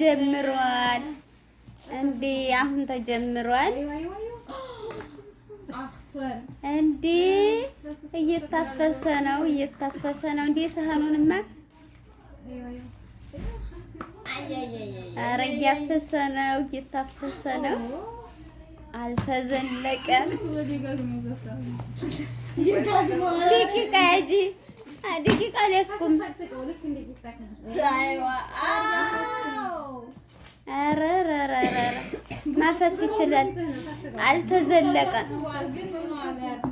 ጀምሯል እንዴ? አሁን ተጀምሯል እንዴ? እየታፈሰ ነው፣ እየታፈሰ ነው እንዴ? ሰሃኑንማ ኧረ እያፈሰ ነው፣ እየታፈሰ ነው። አልተዘለቀም ደቂቃ ደቂቃ ሊያስቆም ማፈስ ይችላል። አልተዘለቀም። አልተዘለቀ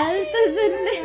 አልተዘለቀም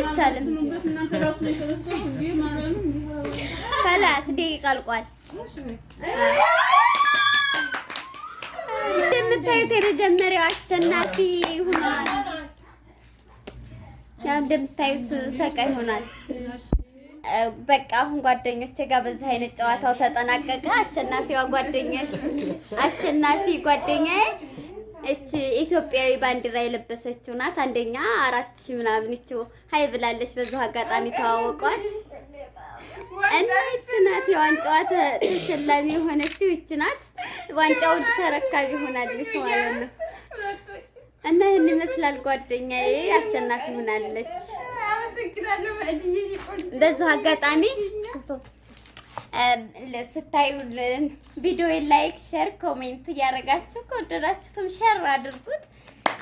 አይቻልም። ከላስ ደቂቃ አልቋል። እንደምታዩት የመጀመሪያው አሸናፊ ሆኗል። ያው እንደምታዩት ሰቃይ ሆኗል። በቃ አሁን ጓደኞቼ ጋር በዚህ አይነት ጨዋታው ተጠናቀቀ። አሸናፊዋ ጓደኛ። አሸናፊ ጓደኛዬ እቺ ኢትዮጵያዊ ባንዲራ የለበሰችው ናት። አንደኛ አራት ሺህ ምናምን ይችው ሀይ ብላለች። በዛው አጋጣሚ ተዋወቋል እና ይች ናት የዋንጫዋ ተሸላሚ የሆነችው ይች ናት። ዋንጫው ተረካቢ ሆናለች ማለት ነው። እና ይህን ይመስላል ጓደኛዬ፣ አሸናፊ ሆናለች። በዛው አጋጣሚ ስታዩ ቪዲዮ ላይክ፣ ሼር፣ ኮሜንት እያደረጋችሁ ከወደዳችሁትም ሼር አድርጉት።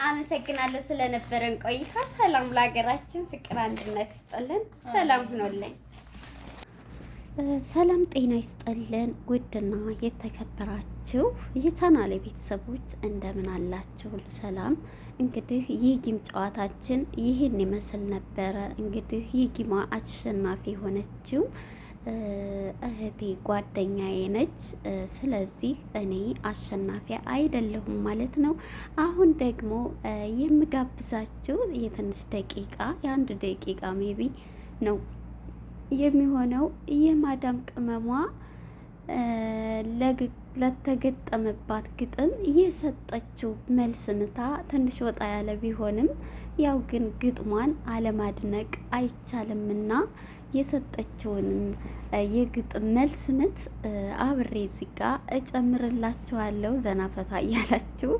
አመሰግናለሁ ስለነበረን ቆይታ። ሰላም ለሀገራችን፣ ፍቅር አንድነት ይስጠልን። ሰላም ሁኖልኝ። ሰላም ጤና ይስጠልን። ውድና የተከበራችሁ የቻናሌ ቤተሰቦች እንደምን አላችሁ? ሰላም። እንግዲህ ይህ ጊም ጨዋታችን ይህን ይመስል ነበረ። እንግዲህ ይህ ጊማ አሸናፊ የሆነችው እህቴ ጓደኛዬ ነች። ስለዚህ እኔ አሸናፊ አይደለሁም ማለት ነው። አሁን ደግሞ የምጋብዛችሁ የትንሽ ደቂቃ የአንድ ደቂቃ ሜቢ ነው የሚሆነው የማዳም ቅመሟ ለተገጠመባት ግጥም የሰጠችው መልስ ምታ ትንሽ ወጣ ያለ ቢሆንም ያው ግን ግጥሟን አለማድነቅ አይቻልምና የሰጠችውንም የግጥም መልስ ምት አብሬ ዚጋ ጋ ዘና ዘናፈታ እያላችሁ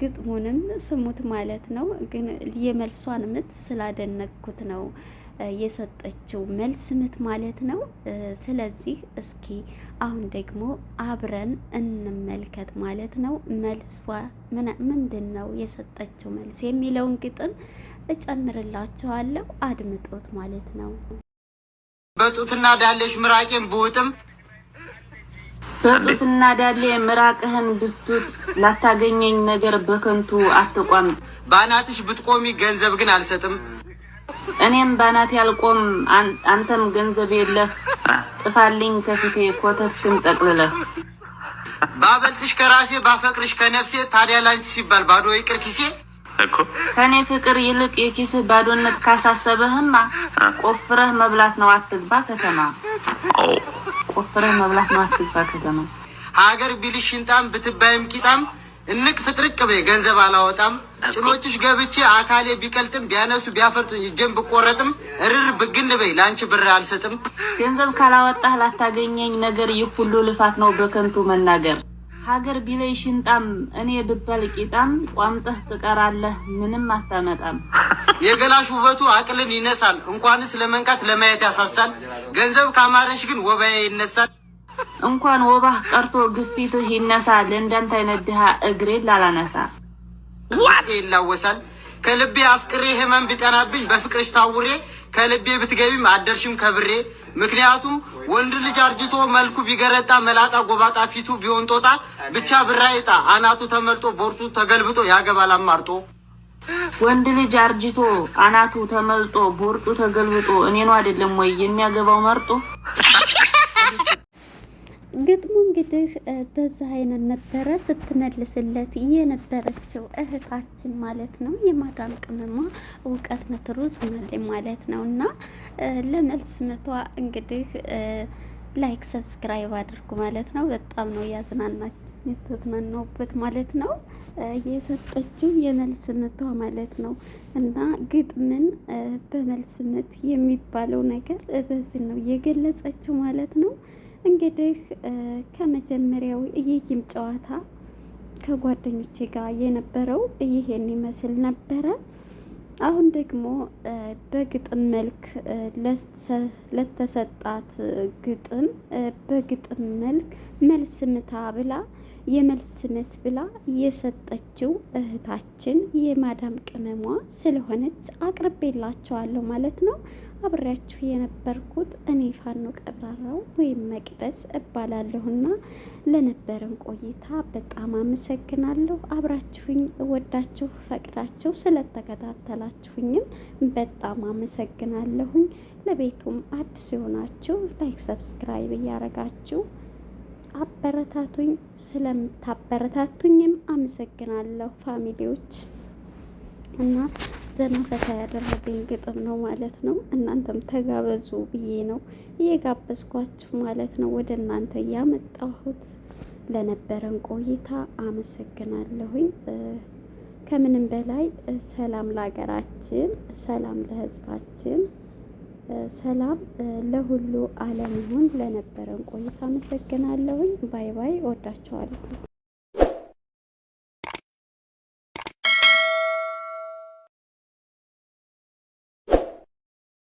ግጥሙንም ስሙት ማለት ነው። ግን የመልሷን ምት ስላደነኩት ነው የሰጠችው መልስ ምት ማለት ነው። ስለዚህ እስኪ አሁን ደግሞ አብረን እንመልከት ማለት ነው። መልሷ ምንድን ነው የሰጠችው መልስ የሚለውን ግጥም እጨምርላችኋለሁ። አድምጦት ማለት ነው። በጡትና ዳሌሽ ምራቄን ብውጥም በጡትና ዳሌ ምራቅህን ብትት ላታገኘኝ ነገር በከንቱ አትቋም። ባናትሽ ብትቆሚ ገንዘብ ግን አልሰጥም። እኔም ባናት ያልቆም አንተም ገንዘብ የለህ ጥፋልኝ ከፊቴ ኮተትሽን ጠቅልለህ። ባበልጥሽ ከራሴ ባፈቅርሽ ከነፍሴ ታዲያ ላንቺ ሲባል ባዶ ይቅር ኪሴ እኮ ከእኔ ፍቅር ይልቅ የኪስህ ባዶነት ካሳሰበህማ ቆፍረህ መብላት ነው። አትግባ ከተማ ቆፍረህ መብላት ነው። አትግባ ከተማ ሀገር ቢልሽ ሽንጣም ብትባይም ቂጣም እንቅ ፍጥርቅ በይ ገንዘብ አላወጣም። ጭኖችሽ ገብቼ አካሌ ቢቀልጥም ቢያነሱ ቢያፈርጡ እጄን ብቆረጥም እርር ብግን በይ ለአንቺ ብር አልሰጥም። ገንዘብ ካላወጣህ ላታገኘኝ ነገር ይህ ሁሉ ልፋት ነው በከንቱ መናገር ሀገር ቢለይ ሽንጣም እኔ ብበል ቂጣም ቋምጠህ ትቀራለህ ምንም አታመጣም። የገላሽ ውበቱ አቅልን ይነሳል፣ እንኳንስ ለመንቃት ለማየት ያሳሳል። ገንዘብ ካማረሽ ግን ወባዬ ይነሳል፣ እንኳን ወባህ ቀርቶ ግፊትህ ይነሳል። እንዳንተ አይነት ድሃ ላላነሳ ዋቴ ይላወሳል። ከልቤ አፍቅሬ ህመም ቢጠናብኝ በፍቅርሽ ታውሬ ከልቤ ብትገቢም አደርሽም ከብሬ ምክንያቱም ወንድ ልጅ አርጅቶ መልኩ ቢገረጣ መላጣ ጎባጣ ፊቱ ቢሆን ጦጣ ብቻ ብራይጣ አናቱ ተመልጦ ቦርጩ ተገልብጦ ያገባል አማርጦ። ወንድ ልጅ አርጅቶ አናቱ ተመልጦ ቦርጩ ተገልብጦ እኔ ነው አይደለም ወይ የሚያገባው መርጦ ግጥሙ እንግዲህ በዛ አይነት ነበረ ስትመልስለት የነበረችው እህታችን ማለት ነው። የማዳም ቅመማ እውቀት ምትሩዝ ሆናለች ማለት ነው። እና ለመልስ ምቷ እንግዲህ ላይክ ሰብስክራይብ አድርጉ ማለት ነው። በጣም ነው ያዝናናች የተዝናናውበት ማለት ነው። የሰጠችው የመልስ ምቷ ማለት ነው። እና ግጥምን በመልስ ምት የሚባለው ነገር በዚህ ነው የገለጸችው ማለት ነው። እንግዲህ ከመጀመሪያው የቂም ጨዋታ ከጓደኞቼ ጋር የነበረው ይሄን ይመስል ነበረ። አሁን ደግሞ በግጥም መልክ ለተሰጣት ግጥም በግጥም መልክ መልስ ምታ ብላ የመልስ ምት ብላ የሰጠችው እህታችን የማዳም ቅመሟ ስለሆነች አቅርቤላቸዋለሁ ማለት ነው። አብሬያችሁ የነበርኩት እኔ ፋኖ ቀብራራው ወይም መቅደስ እባላለሁና ለነበረን ቆይታ በጣም አመሰግናለሁ። አብራችሁኝ ወዳችሁ ፈቅዳችሁ ስለተከታተላችሁኝም በጣም አመሰግናለሁኝ። ለቤቱም አዲስ የሆናችሁ ላይክ፣ ሰብስክራይብ እያረጋችሁ አበረታቱኝ። ስለምታበረታቱኝም አመሰግናለሁ ፋሚሊዎች እና ዘና ፈታ ያደረገኝ ግጥም ነው ማለት ነው። እናንተም ተጋበዙ ብዬ ነው እየጋበዝኳችሁ ማለት ነው ወደ እናንተ ያመጣሁት። ለነበረን ቆይታ አመሰግናለሁኝ። ከምንም በላይ ሰላም ለሀገራችን፣ ሰላም ለሕዝባችን፣ ሰላም ለሁሉ ዓለም ይሁን። ለነበረን ቆይታ አመሰግናለሁኝ። ባይ ባይ። ወዳቸዋለሁ።